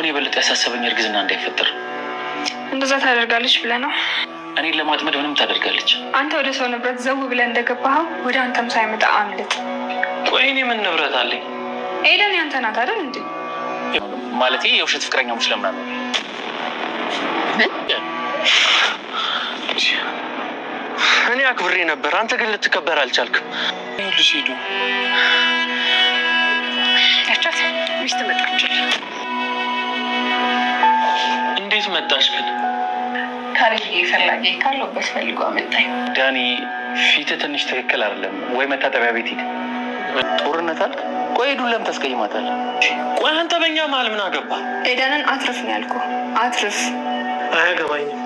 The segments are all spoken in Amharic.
አሁን የበለጠ ያሳሰበኝ እርግዝና እንዳይፈጠር። እንደዛ ታደርጋለች ብለህ ነው? እኔን ለማጥመድ ምንም ታደርጋለች። አንተ ወደ ሰው ንብረት ዘው ብለህ እንደገባኸው ወደ አንተም ሳይመጣ አምልጥ። ቆይ እኔ ምን ንብረት አለኝ? ኤደን ያንተ ናት አይደል ማለት የውሸት ለምና ነው እኔ አክብሬ ነበር። አንተ ግን ልትከበር አልቻልክም። ያቻት ሚስት መጣችል እንዴት መጣሽ ግን? ካርጌ ፈላጊ ካለበት ፈልጎ መጣኝ። ዳኒ ፊት ትንሽ ትክክል አይደለም ወይ? መታጠቢያ ቤት ሂድ። ጦርነት አልክ? ቆይ ዱላም ታስቀይማታል። ቆይ አንተ በእኛ መሀል ምን አገባ? ኤደንን አትርፍ ነው ያልኩ። አትርፍ። አያገባኝም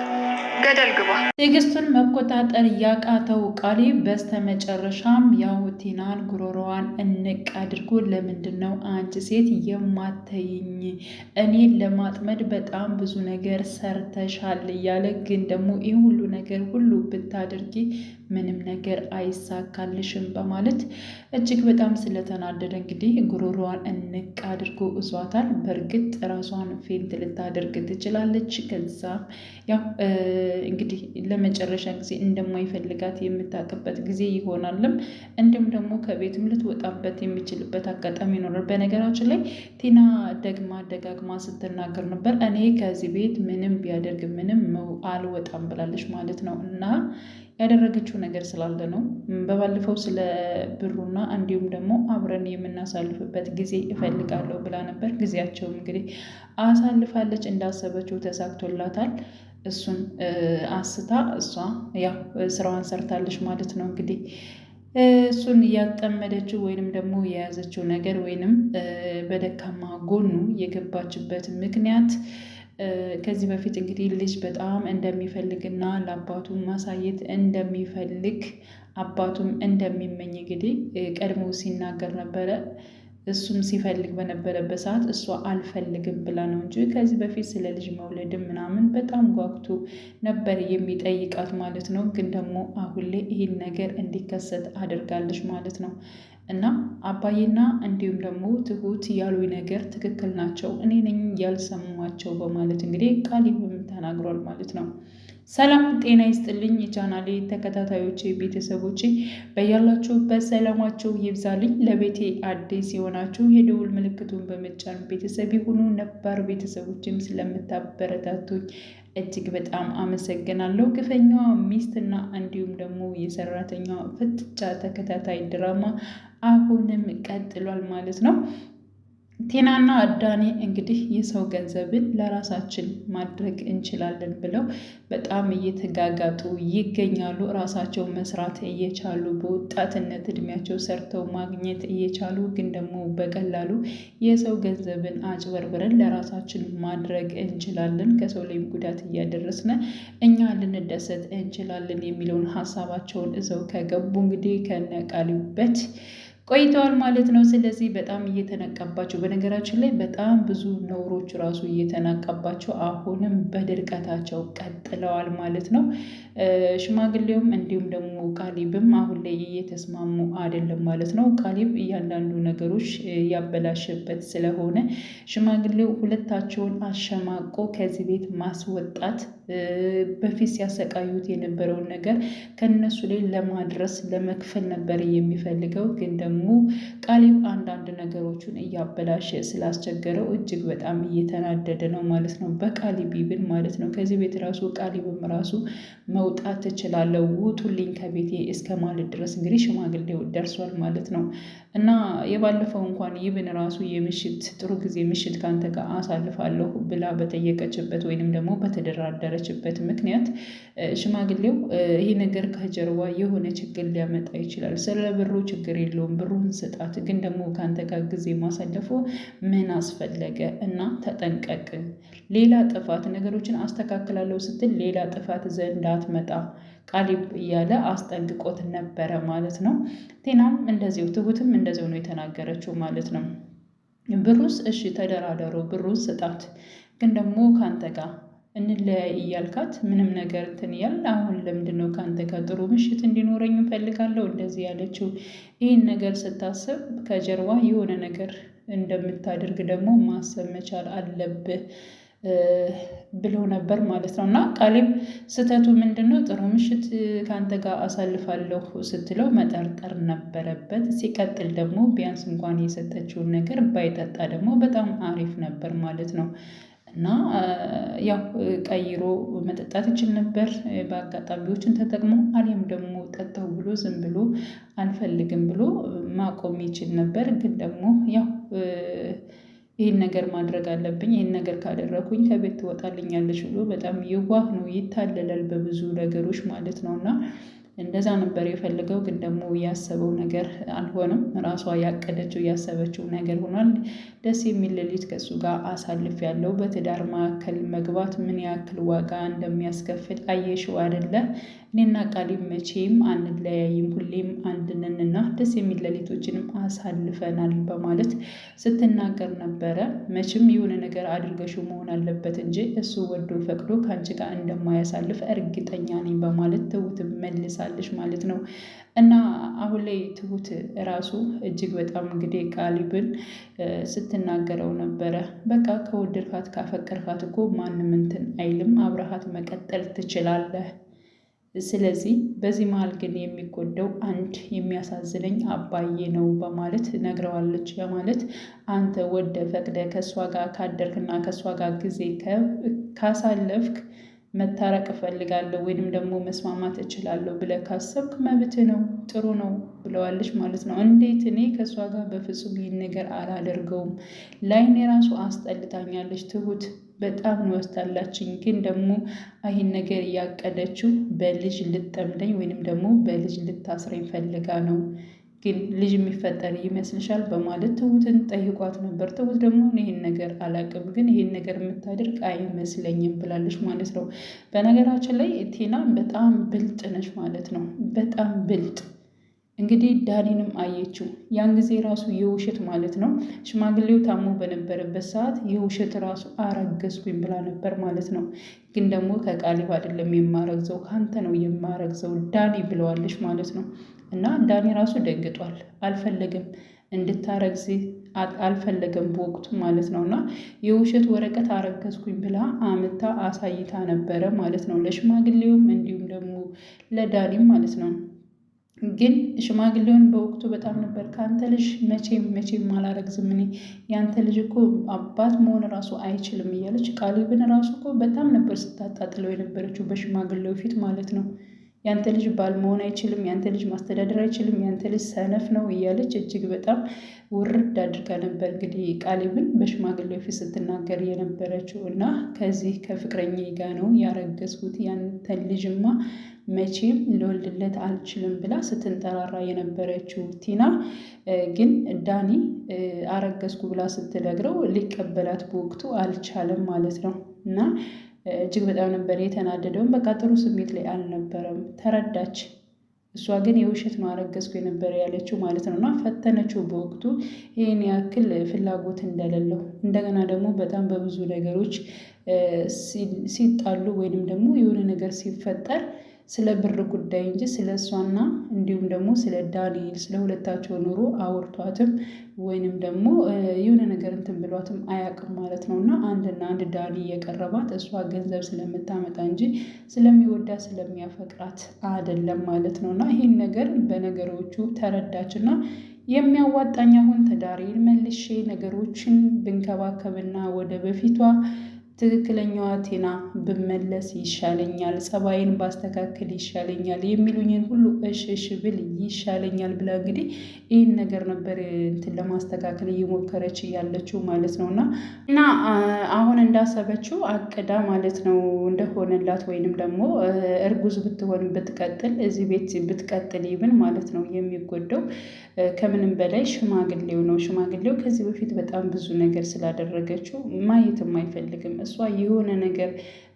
ገደል ግባ። ትዕግስቱን መቆጣጠር ያቃተው ካሌብ በስተመጨረሻም ያው ቲናን ጉሮሮዋን እንቅ አድርጎ ለምንድን ነው አንቺ ሴት የማተይኝ? እኔ ለማጥመድ በጣም ብዙ ነገር ሰርተሻል እያለ ግን ደግሞ ይህ ሁሉ ነገር ሁሉ ብታደርጊ ምንም ነገር አይሳካልሽም በማለት እጅግ በጣም ስለተናደደ እንግዲህ ጉሮሮዋን እንቅ አድርጎ እዟታል። በእርግጥ ራሷን ፌንት ልታደርግ ትችላለች። ከዛ ያው እንግዲህ ለመጨረሻ ጊዜ እንደማይፈልጋት የምታውቅበት ጊዜ ይሆናልም። እንዲሁም ደግሞ ከቤትም ልትወጣበት የሚችልበት አጋጣሚ ይኖራል። በነገራችን ላይ ቲና ደግማ ደጋግማ ስትናገር ነበር፣ እኔ ከዚህ ቤት ምንም ቢያደርግ ምንም አልወጣም ብላለች ማለት ነው እና ያደረገችው ነገር ስላለ ነው። በባለፈው ስለ ብሩና እንዲሁም ደግሞ አብረን የምናሳልፍበት ጊዜ እፈልጋለሁ ብላ ነበር። ጊዜያቸውም እንግዲህ አሳልፋለች፣ እንዳሰበችው ተሳክቶላታል። እሱን አንስታ እሷ ያው ስራዋን ሰርታለች ማለት ነው እንግዲህ እሱን እያጠመደችው ወይንም ደግሞ የያዘችው ነገር ወይንም በደካማ ጎኑ የገባችበት ምክንያት ከዚህ በፊት እንግዲህ ልጅ በጣም እንደሚፈልግና ለአባቱ ማሳየት እንደሚፈልግ አባቱም እንደሚመኝ እንግዲህ ቀድሞ ሲናገር ነበረ። እሱም ሲፈልግ በነበረበት ሰዓት እሷ አልፈልግም ብላ ነው እንጂ ከዚህ በፊት ስለ ልጅ መውለድ ምናምን በጣም ጓጉቶ ነበር የሚጠይቃት ማለት ነው። ግን ደግሞ አሁን ላይ ይህን ነገር እንዲከሰት አድርጋለች ማለት ነው። እና አባዬና እንዲሁም ደግሞ ትሁት ያሉ ነገር ትክክል ናቸው፣ እኔ ነኝ ያልሰማቸው በማለት እንግዲህ ቃሊብም ተናግሯል ማለት ነው። ሰላም ጤና ይስጥልኝ የቻናሌ ተከታታዮቼ ቤተሰቦቼ በያላችሁበት ሰላማችሁ ይብዛልኝ። ለቤቴ አዲስ የሆናችሁ የደውል ምልክቱን በመጫን ቤተሰብ የሆኑ ነባር ቤተሰቦችም ስለምታበረታቱኝ እጅግ በጣም አመሰግናለሁ። ግፈኛዋ ሚስትና እንዲሁም ደግሞ የሰራተኛዋ ፍጥጫ ተከታታይ ድራማ አሁንም ቀጥሏል ማለት ነው። ቴናና አዳኔ እንግዲህ የሰው ገንዘብን ለራሳችን ማድረግ እንችላለን ብለው በጣም እየተጋጋጡ ይገኛሉ። ራሳቸው መስራት እየቻሉ በወጣትነት እድሜያቸው ሰርተው ማግኘት እየቻሉ ግን ደግሞ በቀላሉ የሰው ገንዘብን አጭበርብረን ለራሳችን ማድረግ እንችላለን፣ ከሰው ላይም ጉዳት እያደረስን እኛ ልንደሰት እንችላለን የሚለውን ሀሳባቸውን እዘው ከገቡ እንግዲህ ከነቃሊበት ቆይተዋል ማለት ነው። ስለዚህ በጣም እየተነቀባቸው በነገራችን ላይ በጣም ብዙ ነውሮች ራሱ እየተናቀባቸው አሁንም በድርቀታቸው ቀጥለዋል ማለት ነው። ሽማግሌውም እንዲሁም ደግሞ ቃሊብም አሁን ላይ እየተስማሙ አይደለም ማለት ነው። ቃሊብ እያንዳንዱ ነገሮች ያበላሸበት ስለሆነ ሽማግሌው ሁለታቸውን አሸማቆ ከዚህ ቤት ማስወጣት በፊት ሲያሰቃዩት የነበረውን ነገር ከነሱ ላይ ለማድረስ ለመክፈል ነበር የሚፈልገው ግን ደግሞ ደግሞ ቃሌብ አንዳንድ ነገሮቹን እያበላሸ ስላስቸገረው እጅግ በጣም እየተናደደ ነው ማለት ነው። በቃሊብ ማለት ነው። ከዚህ ቤት ራሱ ቃሊብም ራሱ መውጣት ትችላለህ፣ ውጡልኝ ከቤቴ እስከ ማለት ድረስ እንግዲህ ሽማግሌው ደርሷል ማለት ነው። እና የባለፈው እንኳን ይብን ራሱ የምሽት ጥሩ ጊዜ ምሽት ከአንተ ጋር አሳልፋለሁ ብላ በጠየቀችበት ወይንም ደግሞ በተደራደረችበት ምክንያት ሽማግሌው ይህ ነገር ከጀርባ የሆነ ችግር ሊያመጣ ይችላል፣ ስለ ብሩ ችግር የለውም ብሩን ስጣት። ግን ደግሞ ከአንተ ጋር ጊዜ ማሳለፉ ምን አስፈለገ? እና ተጠንቀቅ። ሌላ ጥፋት ነገሮችን አስተካክላለሁ ስትል ሌላ ጥፋት ዘንድ አትመጣ ቃሊብ እያለ አስጠንቅቆት ነበረ ማለት ነው። ቴናም እንደዚሁ ትሁትም እንደዚሁ ነው የተናገረችው ማለት ነው። ብሩስ እሺ ተደራደሩ፣ ብሩን ስጣት ግን ደግሞ ከአንተ ጋር እንለያይ እያልካት ምንም ነገር እንትን እያል አሁን ለምንድነው ከአንተ ጋር ጥሩ ምሽት እንዲኖረኝ እፈልጋለሁ እንደዚህ ያለችው። ይህን ነገር ስታስብ ከጀርባ የሆነ ነገር እንደምታደርግ ደግሞ ማሰብ መቻል አለብህ ብሎ ነበር ማለት ነው። እና ቃሌም ስህተቱ ምንድነው ጥሩ ምሽት ከአንተ ጋር አሳልፋለሁ ስትለው መጠርጠር ነበረበት። ሲቀጥል ደግሞ ቢያንስ እንኳን የሰጠችውን ነገር ባይጠጣ ደግሞ በጣም አሪፍ ነበር ማለት ነው። እና ያው ቀይሮ መጠጣት ይችል ነበር። በአጋጣሚዎችን ተጠቅሞ አሊያም ደግሞ ጠጣው ብሎ ዝም ብሎ አልፈልግም ብሎ ማቆም ይችል ነበር። ግን ደግሞ ያው ይህን ነገር ማድረግ አለብኝ ይህን ነገር ካደረኩኝ ከቤት ትወጣልኛለች ብሎ በጣም የዋህ ነው ይታለላል በብዙ ነገሮች ማለት ነው። እና እንደዛ ነበር የፈለገው ግን ደግሞ ያሰበው ነገር አልሆነም። ራሷ ያቀደችው ያሰበችው ነገር ሆኗል። ደስ የሚል ሌሊት ከእሱ ጋር አሳልፍ ያለው በትዳር መካከል መግባት ምን ያክል ዋጋ እንደሚያስከፍል አየሽው አይደለ? እኔና ቃሊብ መቼም አንለያይም ሁሌም አንድንንና ደስ የሚል ሌሊቶችንም አሳልፈናል በማለት ስትናገር ነበረ። መቼም የሆነ ነገር አድርገሽው መሆን አለበት እንጂ እሱ ወዶ ፈቅዶ ከአንቺ ጋር እንደማያሳልፍ እርግጠኛ ነኝ በማለት ትሁት መልሳለች ማለት ነው። እና አሁን ላይ ትሁት ራሱ እጅግ በጣም እንግዲህ ቃሊብን ስትናገረው ነበረ። በቃ ከወደድካት ካፈቀርካት እኮ ማንም እንትን አይልም፣ አብረሃት መቀጠል ትችላለህ ስለዚህ በዚህ መሀል ግን የሚጎደው አንድ የሚያሳዝነኝ አባዬ ነው በማለት ነግረዋለች። በማለት አንተ ወደ ፈቅደ ከእሷ ጋር ካደርክና ከእሷ ጋር ጊዜ ካሳለፍክ መታረቅ እፈልጋለሁ ወይንም ደግሞ መስማማት እችላለሁ ብለህ ካሰብክ መብት ነው፣ ጥሩ ነው ብለዋለች ማለት ነው። እንዴት እኔ ከእሷ ጋር በፍጹም ይህን ነገር አላደርገውም፣ ላይን የራሱ አስጠልታኛለች ትሁት በጣም ንወስታላችን ግን ደግሞ ይህን ነገር እያቀደችው በልጅ ልጠምደኝ ወይንም ደግሞ በልጅ ልታስረኝ ፈልጋ ነው ግን ልጅ የሚፈጠር ይመስልሻል? በማለት ትሁትን ጠይቋት ነበር። ትሁት ደግሞ ይህን ነገር አላቅም፣ ግን ይህን ነገር የምታደርግ አይመስለኝም ብላለች ማለት ነው። በነገራችን ላይ ቴና በጣም ብልጥ ነች ማለት ነው። በጣም ብልጥ እንግዲህ ዳኒንም አየችው። ያን ጊዜ ራሱ የውሸት ማለት ነው ሽማግሌው ታሞ በነበረበት ሰዓት የውሸት ራሱ አረገዝኩኝ ብላ ነበር ማለት ነው። ግን ደግሞ ከቃሌብ አይደለም የማረግዘው ከአንተ ነው የማረግዘው ዳኒ ብለዋለች ማለት ነው። እና ዳኒ ራሱ ደንግጧል። አልፈለግም እንድታረግዝ አልፈለገም በወቅቱ ማለት ነው። እና የውሸት ወረቀት አረገዝኩኝ ብላ አምታ አሳይታ ነበረ ማለት ነው። ለሽማግሌውም እንዲሁም ደግሞ ለዳኒም ማለት ነው። ግን ሽማግሌውን በወቅቱ በጣም ነበር ከአንተ ልጅ መቼም መቼም አላረግዝም እኔ የአንተ ልጅ እኮ አባት መሆን ራሱ አይችልም እያለች ቃሊብን ራሱ እኮ በጣም ነበር ስታጣጥለው የነበረችው በሽማግሌው ፊት ማለት ነው። የአንተ ልጅ ባል መሆን አይችልም፣ የአንተ ልጅ ማስተዳደር አይችልም፣ የአንተ ልጅ ሰነፍ ነው እያለች እጅግ በጣም ውርድ አድርጋ ነበር እንግዲህ ቃሊብን በሽማግሌው ፊት ስትናገር የነበረችው እና ከዚህ ከፍቅረኛ ጋ ነው ያረገዝኩት ያንተን ልጅማ መቼም ልወልድለት አልችልም ብላ ስትንጠራራ የነበረችው ቲና ግን ዳኒ አረገዝኩ ብላ ስትነግረው ሊቀበላት በወቅቱ አልቻለም ማለት ነው እና እጅግ በጣም ነበር የተናደደውም። በቃ ጥሩ ስሜት ላይ አልነበረም። ተረዳች። እሷ ግን የውሸት ነው አረገዝኩ የነበረ ያለችው ማለት ነው እና ፈተነችው በወቅቱ ይህን ያክል ፍላጎት እንደሌለው እንደገና ደግሞ በጣም በብዙ ነገሮች ሲጣሉ ወይንም ደግሞ የሆነ ነገር ሲፈጠር ስለ ብር ጉዳይ እንጂ ስለ እሷና እንዲሁም ደግሞ ስለ ዳንኤል ስለ ሁለታቸው ኑሮ አውርቷትም ወይንም ደግሞ የሆነ ነገር እንትን ብሏትም አያውቅም ማለት ነው። እና አንድና አንድ ዳኒ የቀረባት እሷ ገንዘብ ስለምታመጣ እንጂ ስለሚወዳት ስለሚያፈቅራት አይደለም ማለት ነው። እና ይህን ነገር በነገሮቹ ተረዳችና የሚያዋጣኝ አሁን ትዳሬን መልሼ ነገሮችን ብንከባከብና ወደ በፊቷ ትክክለኛዋ ቴና ብመለስ ይሻለኛል፣ ጸባይን ባስተካከል ይሻለኛል፣ የሚሉኝን ሁሉ እሽ እሽ ብል ይሻለኛል ብላ እንግዲህ ይህን ነገር ነበር እንትን ለማስተካከል እየሞከረች ያለችው ማለት ነው። እና እና አሁን እንዳሰበችው አቅዳ ማለት ነው እንደሆነላት ወይንም ደግሞ እርጉዝ ብትሆን ብትቀጥል፣ እዚህ ቤት ብትቀጥል ይብን ማለት ነው የሚጎደው ከምንም በላይ ሽማግሌው ነው። ሽማግሌው ከዚህ በፊት በጣም ብዙ ነገር ስላደረገችው ማየትም አይፈልግም እሷ የሆነ ነገር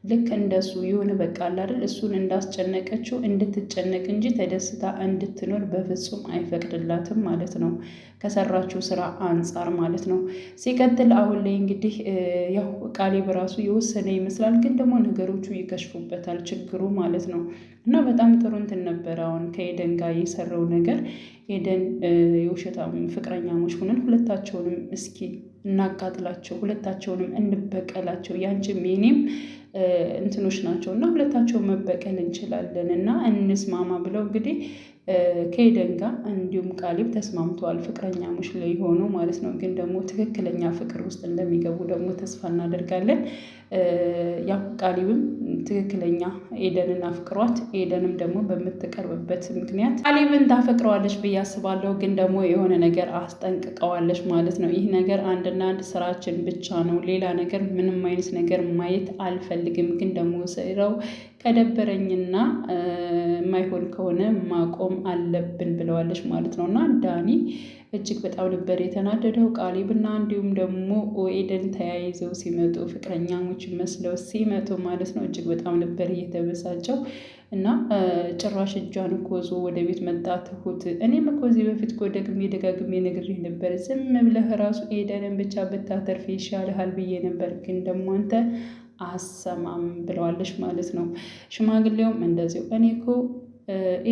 ልክ እንደሱ የሆነ በቃ አላደል እሱን እንዳስጨነቀችው እንድትጨነቅ እንጂ ተደስታ እንድትኖር በፍጹም አይፈቅድላትም ማለት ነው፣ ከሰራችው ስራ አንጻር ማለት ነው። ሲቀጥል አሁን ላይ እንግዲህ ያው ቃሌብ ራሱ የወሰነ ይመስላል፣ ግን ደግሞ ነገሮቹ ይከሽፉበታል ችግሩ ማለት ነው። እና በጣም ጥሩ እንትን ነበረ አሁን ከኤደን ጋር የሰራው ነገር ኤደን የውሸታም ፍቅረኛሞች ሆነን ሁለታቸውንም እስኪ እናቃጥላቸው፣ ሁለታቸውንም እንበቀላቸው። ያንቺም የኔም እንትኖች ናቸው እና ሁለታቸውን መበቀል እንችላለን እና እንስማማ ብለው እንግዲህ ከኤደን ጋር እንዲሁም ቃሊብ ተስማምተዋል። ሙሽ ላይ ሆኖ ማለት ነው። ግን ደግሞ ትክክለኛ ፍቅር ውስጥ እንደሚገቡ ደግሞ ተስፋ እናደርጋለን። ያው ቃሊብም ትክክለኛ ኤደንን አፍቅሯት ኤደንም ደግሞ በምትቀርብበት ምክንያት ቃሊብን ታፈቅረዋለች ብዬ አስባለሁ። ግን ደግሞ የሆነ ነገር አስጠንቅቀዋለች ማለት ነው። ይህ ነገር አንድና አንድ ስራችን ብቻ ነው፣ ሌላ ነገር ምንም አይነት ነገር ማየት አልፈልግም። ግን ደግሞ ስራው ከደበረኝና የማይሆን ከሆነ ማቆም አለብን ብለዋለች ማለት ነው እና ዳኒ እጅግ በጣም ነበር የተናደደው። ቃሊብና እንዲሁም ደግሞ ኤደን ተያይዘው ሲመጡ ፍቅረኛሞች መስለው ሲመጡ ማለት ነው እጅግ በጣም ነበር እየተበሳጨው እና ጭራሽ እጇን እኮ ይዞ ወደ ቤት መጣ ትሁት። እኔም እኮ እዚህ በፊት እኮ ደግሜ ደጋግሜ ነግሬህ ነበር፣ ዝም ብለህ ራሱ ኤደንን ብቻ ብታተርፍ ይሻልሃል ብዬ ነበር፣ ግን ደግሞ አንተ አሰማም ብለዋለች ማለት ነው። ሽማግሌውም እንደዚሁ እኔ እኮ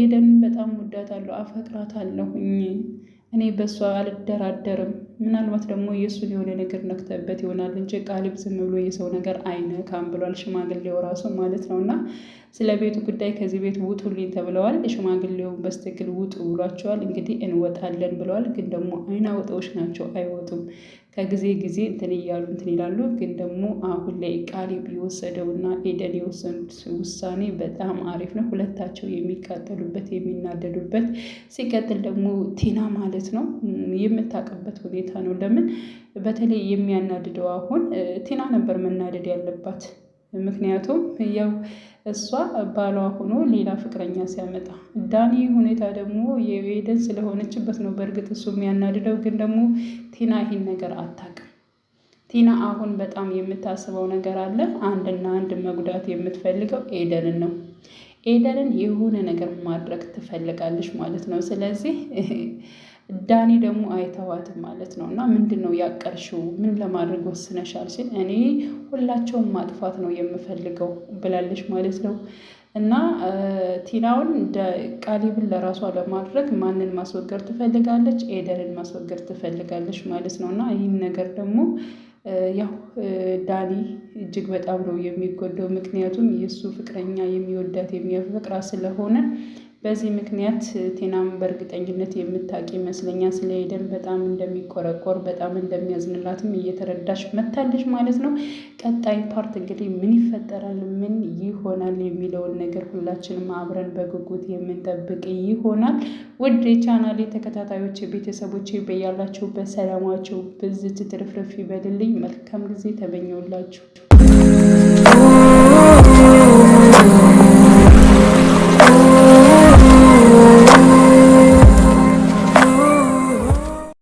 ኤደንን በጣም ወዳታለሁ፣ አፈቅራታለሁኝ እኔ በእሷ አልደራደርም። ምናልባት ደግሞ የእሱን የሆነ ነገር ነክተበት ይሆናል እንጂ ቃሊብ ዝም ብሎ የሰው ነገር አይነካም ብሏል ሽማግሌው ራሱ ማለት ነው። እና ስለ ቤቱ ጉዳይ ከዚህ ቤት ውጡልኝ ተብለዋል። ሽማግሌው በስትክክል ውጡ ብሏቸዋል። እንግዲህ እንወጣለን ብለዋል። ግን ደግሞ አይናወጣዎች ናቸው አይወጡም። ከጊዜ ጊዜ እንትን እያሉ እንትን ይላሉ። ግን ደግሞ አሁን ላይ ቃሊብ የወሰደው እና ኤደን የወሰኑት ውሳኔ በጣም አሪፍ ነው። ሁለታቸው የሚቃጠሉበት የሚናደዱበት፣ ሲቀጥል ደግሞ ቲና ማለት ነው የምታውቅበት ሁኔታ ነው። ለምን በተለይ የሚያናድደው አሁን ቲና ነበር መናደድ ያለባት። ምክንያቱም ያው እሷ ባሏ ሆኖ ሌላ ፍቅረኛ ሲያመጣ ዳኒ ሁኔታ ደግሞ የኤደን ስለሆነችበት ነው። በእርግጥ እሱ የሚያናድደው ግን ደግሞ ቲና ይህን ነገር አታውቅም። ቲና አሁን በጣም የምታስበው ነገር አለ። አንድና አንድ መጉዳት የምትፈልገው ኤደንን ነው። ኤደንን የሆነ ነገር ማድረግ ትፈልጋለች ማለት ነው። ስለዚህ ዳኒ ደግሞ አይተዋትም ማለት ነው። እና ምንድን ነው ያቀርሽው? ምን ለማድረግ ወስነሻል? ሲል እኔ ሁላቸውም ማጥፋት ነው የምፈልገው ብላለች ማለት ነው። እና ቲናውን ቃሊብን ለራሷ ለማድረግ ማንን ማስወገድ ትፈልጋለች? ኤደንን ማስወገድ ትፈልጋለች ማለት ነው። እና ይህን ነገር ደግሞ ያው ዳኒ እጅግ በጣም ነው የሚጎዳው። ምክንያቱም የእሱ ፍቅረኛ የሚወዳት የሚያፈቅራ ስለሆነ በዚህ ምክንያት ቴናም በእርግጠኝነት የምታውቅ ይመስለኛል ስለ ኤደን በጣም እንደሚቆረቆር በጣም እንደሚያዝንላትም እየተረዳሽ መታለች ማለት ነው። ቀጣይ ፓርት እንግዲህ ምን ይፈጠራል፣ ምን ይሆናል የሚለውን ነገር ሁላችንም አብረን በጉጉት የምንጠብቅ ይሆናል። ውድ የቻናሌ ተከታታዮች ቤተሰቦች በያላችሁ በሰላማችሁ ብዝት ትርፍርፍ ይበልልኝ። መልካም ጊዜ ተመኘውላችሁ።